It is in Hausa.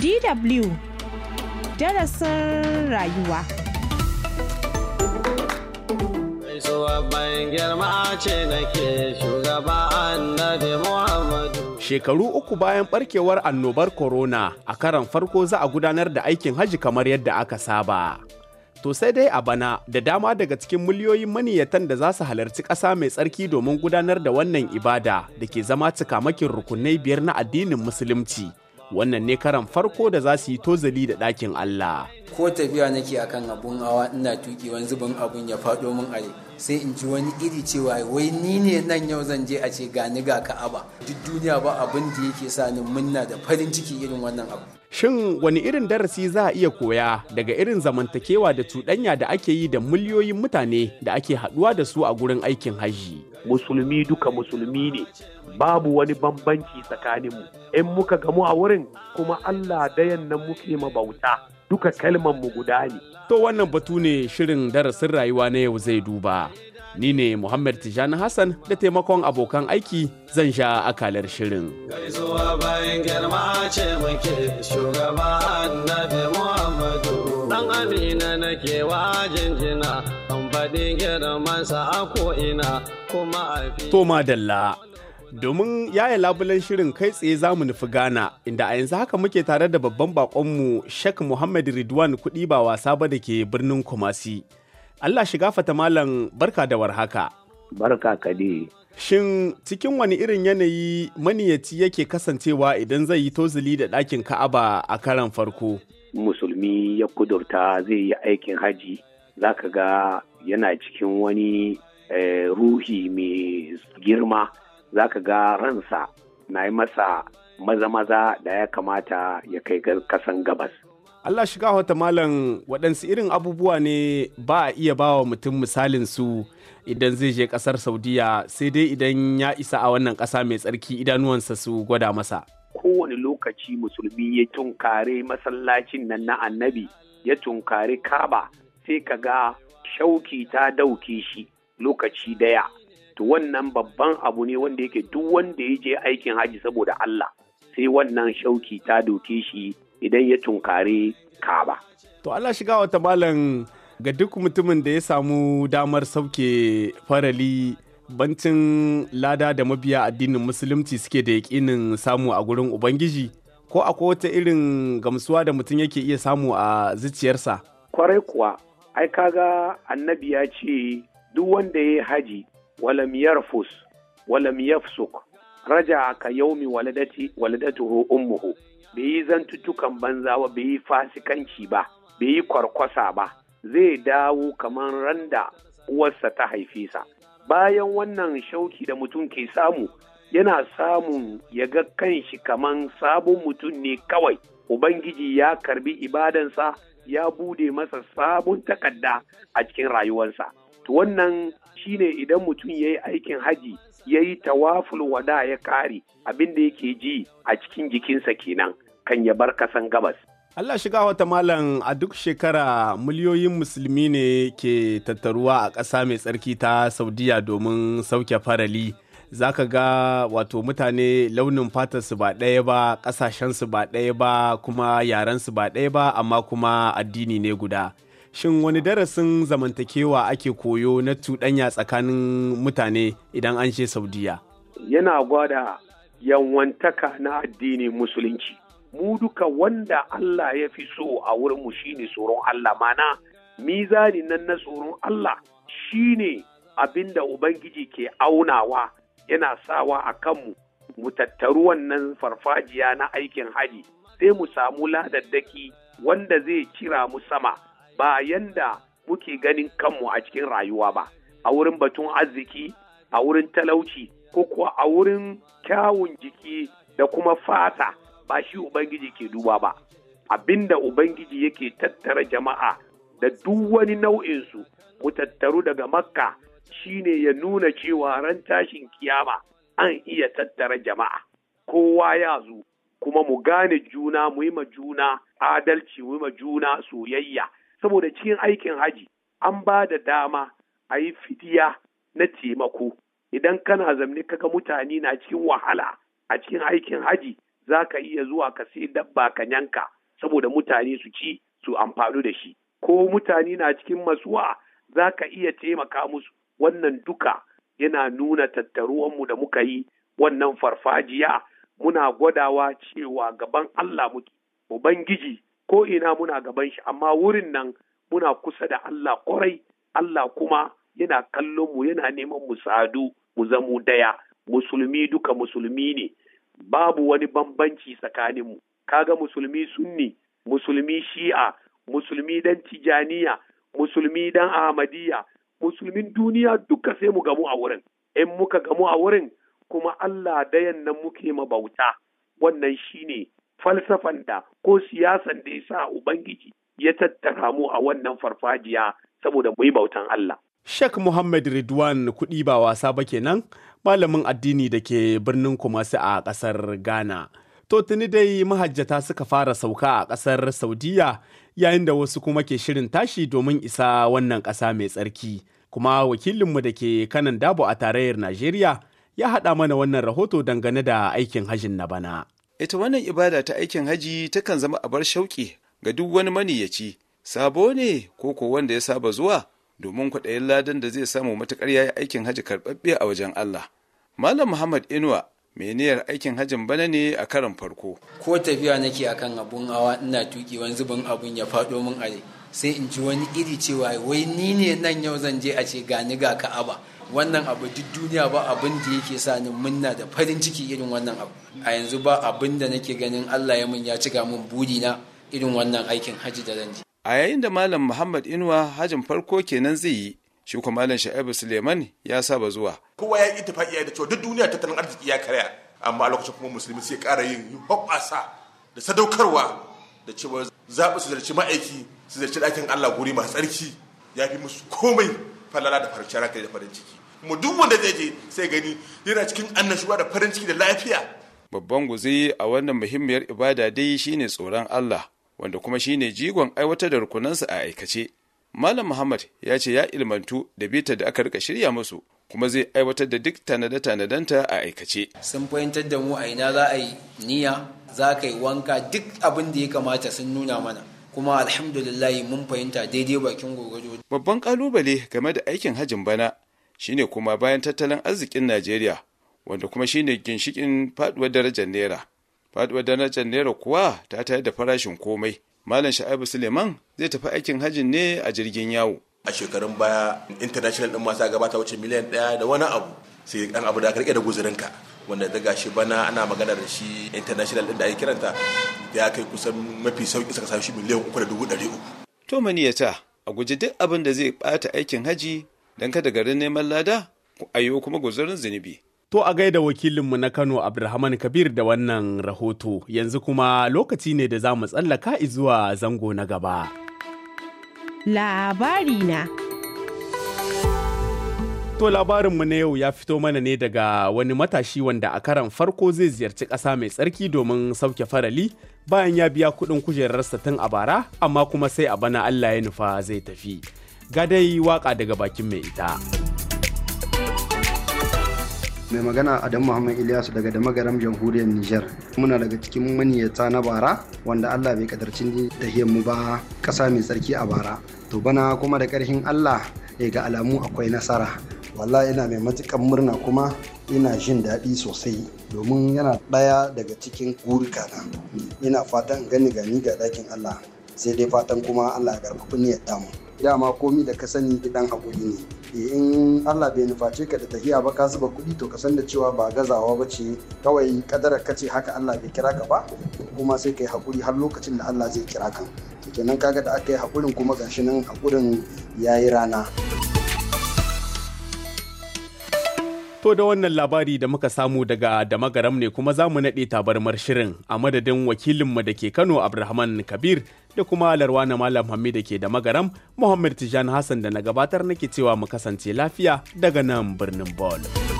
DW darasin rayuwa. Shekaru uku bayan barkewar annobar corona a karan farko za a gudanar da aikin haji kamar yadda aka saba. To sai dai a bana da dama daga cikin miliyoyin maniyatan da za su halarci ƙasa mai tsarki domin gudanar da wannan ibada da ke zama cikamakin rukunai biyar na addinin musulunci wannan ne karan farko da za su yi tozali da ɗakin Allah. Ko tafiya nake akan abun hawa ina tuki wani zubin abun ya faɗo min are sai in ji wani iri cewa wai ni ne nan yau zan je a ce gani ga ka'aba duk duniya ba abin da yake sa ni munna da farin ciki irin wannan abu. Shin wani irin darasi za a iya koya daga irin zamantakewa da cuɗanya da ake yi da miliyoyin mutane da ake haɗuwa da su a gurin aikin hajji? Musulmi duka musulmi ne, babu wani bambanci tsakaninmu. In muka gamu a wurin kuma Allah dayan nan muke mabauta duka kalmanmu guda ne. To wannan batu ne shirin darasin rayuwa na yau zai duba. Ni ne Muhammad Tijani Hassan da taimakon abokan aiki zan sha akalar shirin. Toma bayan ko'ina madalla. Domin yaya labulen shirin kai tsaye za mu nufi Ghana, inda a yanzu haka muke tare da babban bakonmu Sheikh Muhammad Ridwan kuɗi ba wasa ba da ke birnin Kumasi. Allah shiga fata malam barka da warhaka. Barka kadi. Shin cikin wani irin yanayi maniyaci yake kasancewa idan zai yi tozili da ɗakin Ka'aba a karan farko? Musulmi ya kudurta zai yi aikin haji, za ka ga yana cikin wani eh, ruhi mai girma, za ka ga ransa na yi masa maza-maza da ya kamata ya kai kasan gabas. Allah shiga wata malam waɗansu irin abubuwa ne ba a iya ba wa mutum misalin su idan zai je ƙasar Saudiya sai dai idan ya isa a wannan ƙasa mai tsarki idanuwansa su gwada masa. Kowane lokaci musulmi ya tunkare masallacin nan na annabi ya tunkare kaba sai ka ga shauki ta dauke shi lokaci daya. To wannan babban abu ne wanda yake duk wanda ya je aikin haji saboda Allah sai wannan shauki ta doke shi idan ya tunkari kaba. To Allah shiga wata malam ga duk mutumin da ya samu damar sauke farali bancin lada da mabiya addinin musulunci suke da yaƙinin samu a gurin Ubangiji ko akwai wata irin gamsuwa da mutum yake iya samu a zuciyarsa. Kwarai kuwa, ai kaga annabi ya ce duk wanda ya haji walam yarfus walam yafsuk raja ka yaumi waladati waladatuhu ummuhu bai yi zantuttukan banza ba bai yi fasikanci ba bai yi kwarkwasa ba zai dawo kamar randa uwarsa ta haife sa bayan wannan shauki da mutum ke samu yana samun ya ga kanshi kaman sabon mutum ne kawai ubangiji ya karbi ibadansa ya bude masa sabon takarda a cikin rayuwarsa to wannan shine idan mutum ya yi aikin haji ya yi tawaful wada ya ƙare abin da yake ji a cikin jikinsa kenan kan ya bar kasan gabas. Allah shiga wata malam a duk shekara miliyoyin musulmi ne ke tattaruwa a ƙasa mai tsarki ta Saudiya domin sauke farali. za ka ga wato mutane launin fatarsu ba ɗaya ba ƙasashensu ba ɗaya ba kuma yarensu ba ɗaya ba amma kuma addini ne guda shin wani darasin zamantakewa ake koyo na tuɗanya tsakanin mutane idan an she saudiya yana gwada yawantaka na addini musulunci mu duka wanda Allah ya fi so a wurinmu shine tsoron Allah mana mizanin nan na tsoron Allah shine abinda Ubangiji ke aunawa yana sawa a kanmu mu tattaru wannan farfajiya na aikin haji sai mu samu ladaddaki wanda zai kira mu sama ba yanda muke ganin kanmu a cikin rayuwa ba a wurin batun arziki a wurin talauci ko kuwa a wurin kyawun jiki da kuma fata ba shi ubangiji ke duba ba abinda ubangiji yake tattara jama'a da duk wani nau'insu mu tattaru daga makka shine ya nuna cewa ran tashin kiyama an iya tattara jama'a kowa ya zo kuma mu gane juna mu yi ma juna adalci mu yi ma juna soyayya saboda cikin aikin haji an ba da dama a yi fidiya na taimako idan kana zamne kaga mutane na cikin wahala a cikin aikin haji za ka iya zuwa ka sai dabba ka yanka saboda mutane su ci su amfani da shi ko mutane na cikin masuwa za ka iya taimaka musu wannan duka yana nuna tattaruwanmu da muka yi wannan farfajiya muna gwadawa cewa gaban Allah muke Ubangiji ko ina muna gaban shi amma wurin nan muna kusa da Allah kwarai Allah kuma yana kallon mu yana neman mu sadu mu zamu daya musulmi duka musulmi ne babu wani bambanci tsakanin mu kaga musulmi sunni musulmi shi'a musulmi dan tijaniya musulmi dan ahmadiyya musulmin duniya duka sai mu gamu a wurin in muka gamu a wurin kuma Allah dayan nan muke mabauta wannan shine falsafan da ko siyasan da ya sa Ubangiji ya tattara mu a wannan farfajiya saboda mu yi bautan Allah. Sheikh Muhammad Ridwan kuɗi ba wasa ba kenan malamin addini da ke birnin Kumasi a ƙasar Ghana. To tuni dai mahajjata suka fara sauka a ƙasar Saudiya yayin da wasu kuma ke shirin tashi domin isa wannan ƙasa mai tsarki. Kuma wakilinmu da ke kanan dabo a tarayyar Najeriya ya haɗa mana wannan rahoto dangane da aikin hajin na bana. ita wannan ibada ta aikin haji takan zama abar shauƙi ga duk wani maniyaci sabo ne ko ko wanda ya saba zuwa domin kwaɗayin ladan da zai samu matuƙar ya aikin haji karɓaɓɓe a wajen Allah malam Muhammad Inuwa meniyar aikin hajin bana ne a karan farko ko tafiya nake akan abun hawa ina tuki wani zubin abun ya faɗo min a sai in ji wani iri cewa wai ni ne nan yau zan je a ce gani ga Ka'aba wannan abu duk duniya ba abin da yake sa ni munna da farin ciki irin wannan abu a yanzu ba abin da nake ganin Allah ya mun ya ci cika mun na irin wannan aikin haji da ranji a yayin da malam Muhammad Inuwa hajin farko kenan zai yi shi kuma malam Sha'ibu Suleiman ya saba zuwa kowa ya yi tafaƙiya da cewa duk duniya tattalin arziki ya karya amma a lokacin kuma musulmi sai ƙara yin hoɓɓasa da sadaukarwa da cewa zaɓi su zarci ma'aiki su zarci ɗakin Allah guri masu tsarki ya fi musu komai falala da farce da farin ciki kuma duk wanda zai je sai gani yana cikin annashuwa da farin ciki da lafiya babban guzi a wannan muhimmiyar ibada dai shine tsoron Allah wanda kuma shine jigon aiwatar da rukunansa a aikace malam muhammad ya ce ya ilmantu da bitar da aka rika shirya musu kuma zai aiwatar da duk tanade-tanadenta a aikace sun fahimtar da mu a ina za a yi niyya za ka yi wanka duk abin da ya kamata sun nuna mana kuma alhamdulillah mun fahimta daidai bakin gogajo. babban kalubale game da aikin hajin bana shine kuma bayan tattalin arzikin Najeriya wanda kuma shine ginshikin faduwar darajar naira faduwar darajar naira kuwa ta tayar da farashin komai malam Sha'ibu suleiman zai tafi aikin hajjin ne a jirgin yawo a shekarun baya international din masa gabata wuce miliyan ɗaya da wani abu sai dan abu da karke da guzurinka wanda da gashi bana ana magana da shi international din da ake kiranta ya kai kusan mafi sauki saka sashi miliyan uku da dubu ɗari uku to mani ya ta a guji duk abin da zai bata aikin haji don kada garin neman lada ayo kuma guzarin zunubi. To a gaida wakilinmu na Kano Abdulrahman Kabir da wannan rahoto yanzu kuma lokaci ne da za mu tsallaka zuwa zango na gaba. Labari na To labarinmu na yau ya fito mana ne daga wani matashi wanda a karan farko zai ziyarci ƙasa mai tsarki domin sauke farali bayan ya biya kuɗin kujerarsa tun a bara amma kuma sai a bana Allah ya nufa zai tafi. ga dai waka daga bakin mai ita. mai magana adam muhammad ilyasu daga da magaram jamhuriyar niger muna daga cikin maniyata na bara wanda allah bai kadarci da mu ba kasa mai tsarki a bara to bana kuma da karhin allah ya eh, ga alamu akwai nasara wallahi ina mai matukan murna kuma ina jin daɗi sosai domin yana ɗaya daga cikin gurika na ina fatan gani gani ga ɗakin allah sai dai fatan kuma allah ya karfafi niyyar tamu dama komi da ka sani idan haƙuri ne eh, in Allah bai nuface ka da tahiya ba ka zuba kuɗi to ka san da cewa ba gazawa ba ce kawai kadara ka ce haka Allah bai kira ka ba kuma sai ka yi haƙuri har lokacin da Allah zai kira ka kenan kaga da aka yi haƙurin kuma gashi nan haƙurin ya yi rana. To da wannan labari da muka samu daga Damagaram ne kuma za mu naɗe tabarmar shirin a madadin wakilinmu da ke Kano Abrahaman Kabir da kuma Larwana Malam Hamid da ke Damagaram Muhammad Tijan Hassan da na gabatar nake cewa mu kasance lafiya daga nan birnin Bol.